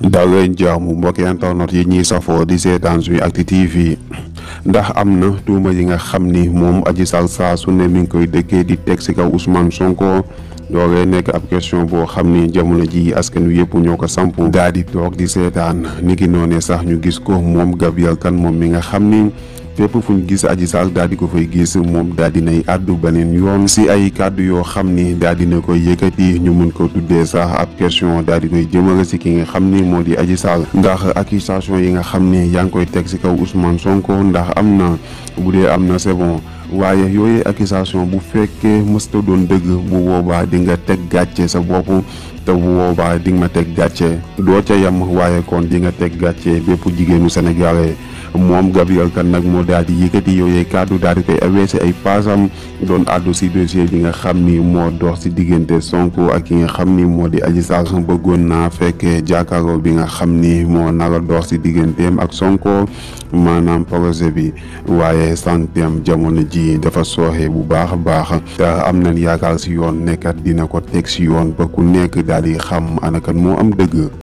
dal leen jaamu mbokki internet yi ñuy safoo di seetaan suñu Actu TV ndax am na tuuma yi nga xam ni moom aji Sarr saa su ne mi ngi koy dëkkee di teg si kaw Ousmane Sonko loolee nekk ab question boo xam ni jamono ji askan wi yëpp ñoo ko samp daal di toog di seetaan ni ki noonee sax ñu gis ko moom Gabrielle kan moom mi nga xam ni fépp fu ñu gis Adji Sarr daal di ko fay gis moom daal di nay àddu beneen yoon si ay kàddu yoo xam ni daal di na koy yëkkati ñu mën ko tuddee sax ab question daal di koy jëmale si ki nga xam ni moo di Adji Sarr ndax accusation yi nga xam ni yaa ngi koy teg si kaw Ousmane Sonko ndax am na bu dee am na c'est waaye yooyu accusation bu fekkee mësta doon dëgg bu boobaa di nga teg gàcce sa bopp te bu boobaa di nga ma teg gàcce doo ca yam waaye kon di nga teg gàcce bépp jigéenu Sénégalais moom Gabriel Kane nag moo daal di yëkkati yooyee kàddu daal di koy aweesi ay paasam doon àddu si dossier bi nga xam ni moo dox si diggante Sonko ak ki nga xam ni moo di Adji Sarr bëggoon naa fekkee jàkkaarloo bi nga xam ni moo nara dox si digganteem ak Sonko maanaam projet bi waaye santeem jamono ji dafa sooxe bu baax a baax te am na yaakaar si yoon nekkat dina ko teg si yoon ba ku nekk daal di xam anakan moo am dëgg